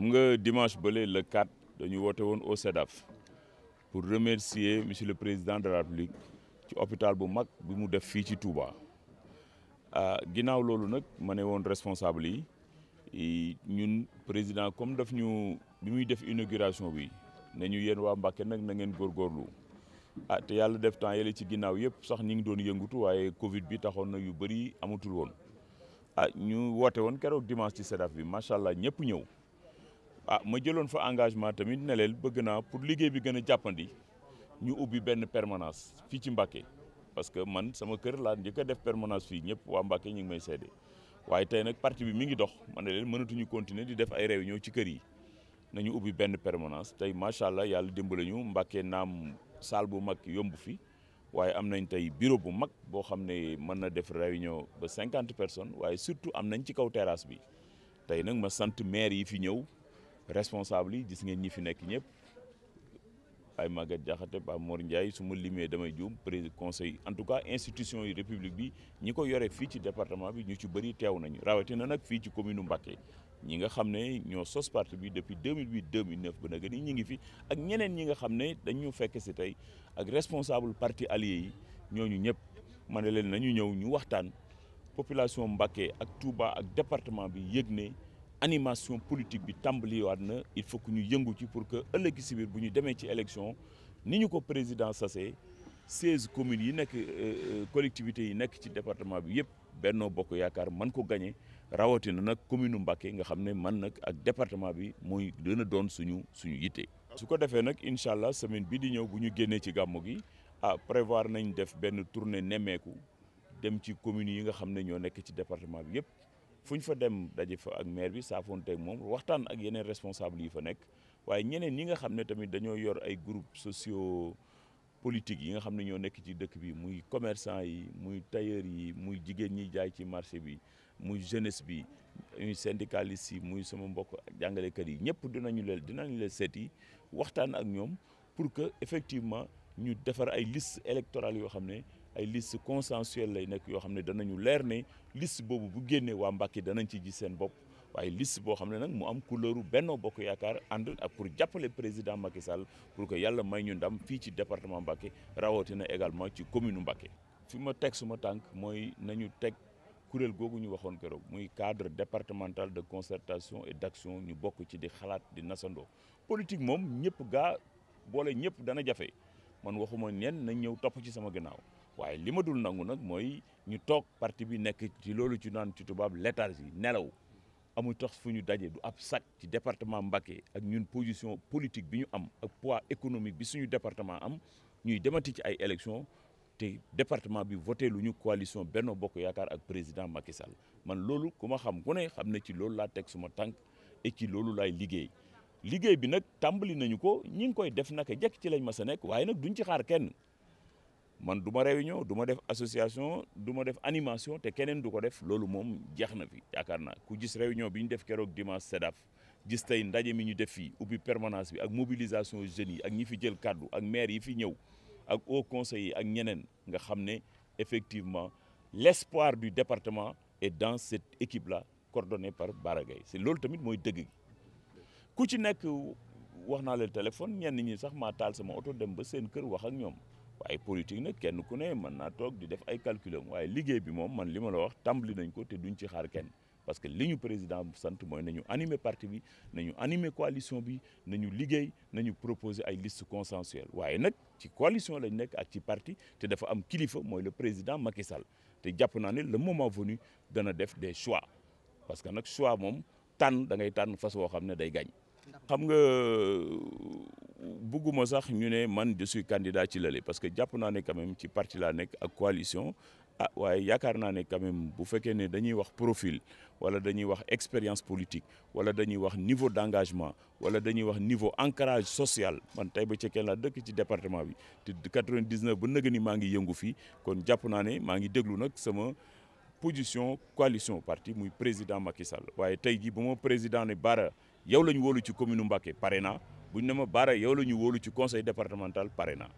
mu nga dimanche bële le 4 dañu woote woon au SEDAF pour remercier monsieur le président de la République ci hôpital bu mag bi mu def fii ci Touba ah, ginnaaw loolu nag ma ne woon responsable yi ñun président comme daf ñu bi muy def inauguration bi ne ñu yéen waa Mbàkke nag na ngeen góorgóorlu ah te yàlla def temps yële ci ginnaaw yëpp sax ñu ngi doon yëngutu waaye Covid bi taxoon na yu bëri amatul woon ah ñu woote woon keroog dimanche ci SEDAF bi macha allah ñëpp ñëw. ah ma jëloon fa engagement tamit ne leen bëgg naa pour liggéey bi gën a jàppandi ñu ubbi benn permanence fii ci Mbacké parce que man sama kër laa njëkk a def permanence fii ñëpp waa Mbacké ñu ngi may seede waaye tey nag parti bi mi ngi dox ma ne leen mënatuñu continuer di def ay réunion ci kër yi nañu ubbi benn permanence tey macha allah yàlla dimbali ñu Mbacké naam salle bu mag yomb fii waaye am nañ tey bureau bu mag boo xam ne mën na def réunion ba cinquante personnes waaye surtout am nañ ci kaw terrasse tey nag ma sant maire yi fi ñëw. responsable yi gis ngeen ñi fi nekk ñëpp ay Maguette Diakhaté Pape Mor Ndiaye su ma limee damay juum président conseil en tout cas institution yi république bi ñi ko yore fii ci département bi ñu ci bëri teew nañu rawatina nag fii ci commune Mbacké ñi nga xam ne ñoo sos parti bi depuis 2008 2009 ba nag ni ñi ngi fi ak ñeneen ñi nga xam ne dañu fekk si tey ak responsable parti allié yi ñooñu ñëpp ma ne leen nañu ñëw ñu waxtaan population Mbacké ak Touba ak département bi yëg ne animation politique bi tàmbaliwaat na il faut que ñu yëngu ci pour que ëllëgi si bu ñu demee ci élection ni ñu ko président sase seize communes yi nekk euh, euh, collectivités yi nekk ci département bi yëpp Benno Bokk Yaakaar man ko gagné rawatina nag commune Mbacké nga xam ne man nag ak département bi mooy gën doon suñu suñu yitte. su ko defee nag incha allah semaine bi di ñëw bu ñu génnee ci gàmmu gi ah prévoir nañ def benn tournée nemmeeku dem ci communes yi nga xam ne ñoo nekk ci département bi yëpp. fu ñu fa dem daje fa ak maire bi saafoonteeg moom waxtaan ak yeneen responsable yi fa nekk waaye ñeneen ñi nga xam ne tamit dañoo yor ay groupes socio politiques yi nga xam ne ñoo nekk ci dëkk bi muy commerçant yi muy tailleur yi muy jigéen ñi jaay ci marché bi muy jeunesse bi muy syndicaliste yi muy sama mbokk jàngale kër yi ñëpp dinañu leen dinañu leen seeti waxtaan ak ñoom pour que effectivement ñu defar ay liste électorale yoo xam ne ay liste consensuelle lay nekk yoo xam ne danañu leer ne list boobu bu génnee waa Mbacké danañ ci ji seen bopp waaye liste boo xam ne nag mu am couleuru Benno Bokk Yaakaar ànd ak pour jàppale président Macky Sall pour que yàlla may ñu ndam fii ci département Mbacké rawatina également ci commune Mbacké fi ma teg suma tànk mooy na ñu teg kuréel googu ñu waxoon keroog muy cadre départemental de concertation et d'action ñu bokk ci di xalaat di nasandoo politique moom ñëpp gaa boole ñëpp dana jafe man waxuma ñenn nañ ñëw topp ci sama gannaaw waaye li ma dul nangu nag mooy ñu toog parti bi nekk ci loolu ci naan ci tubaab léthargie nelaw amul tax fu ñu daje du ab sac ci département Mbacké ak ñun position politique bi ñu am ak poids économique bi suñu département am ñuy demati ci ay élections te département bi voté lu ñu coalition Benno Bokk Yaakaar ak président Macky Sall man loolu ku ma xam ku ne xam ne ci loolu laa teg suma tànk et ci loolu laay liggéey liggéey bi nag tàmbali nañu ko ñi ngi koy def naka jekk ci lañ mas a nekk waaye nag duñ ci xaar kenn. man du ma réunion du ma def association duma def animation te keneen du ko def loolu moom jeex na fi yaakaar naa ku gis réunion bi ñu def keroog dimanche SEDAF gis tey ndaje mi ñu def fii ubbi permanance bi ak mobilisation jeunes yi ak ñi fi jël kàddu ak maire yi fi ñëw ak haut conseil ak ñeneen nga xam ne effectivement l'espoir du département est dans cette équipe là coordonnée par Bara Gaye loolu tamit mooy dëgg ku ci nekk wax naa leen téléphone ñenn ñi sax maa sama oto dem ba seen kër wax ak ñoom waaye politique nag kenn ku ne mën naa toog di def ay calculam waaye liggéey bi moom man li ma la wax tàmbali nañ ko te duñ ci xaar kenn parce que li ñu président sant mooy nañu animer parti bi nañu animer coalition bi nañu liggéey nañu proposer ay liste consensuelle waaye nag ci coalition lañ nekk ak ci parti te dafa am kilifa mooy le président Macky Sall te jàpp naa la moom moment venu dana def des choix parce que nag choix moom tànn da ngay tànn fas woo xam ne day gañ xam euh, bugguma sax ñu ne man je suis candidat ci lële parce que jàpp naa ne quand ci parti laa nekk ak coalition a ah, waaye yakaar naa ne quand bu fekkee ne dañuy wax profil wala dañuy wax expérience politique wala dañuy wax niveau d'engagement wala dañuy wax niveau ancrage social man ba Cekkeen laa dëkk ci département bi te 99 ba nëgë ni maa ngi yëngu fii kon jàpp naa ne maa ngi déglu nag sama position coalition parti muy président Macky Sall waaye tey jii bu ma président ne yow la ñu wóolu ci commune Mbacké pare na bu ñu ne ma Bara yow la ñu wóolu ci conseil départemental pare na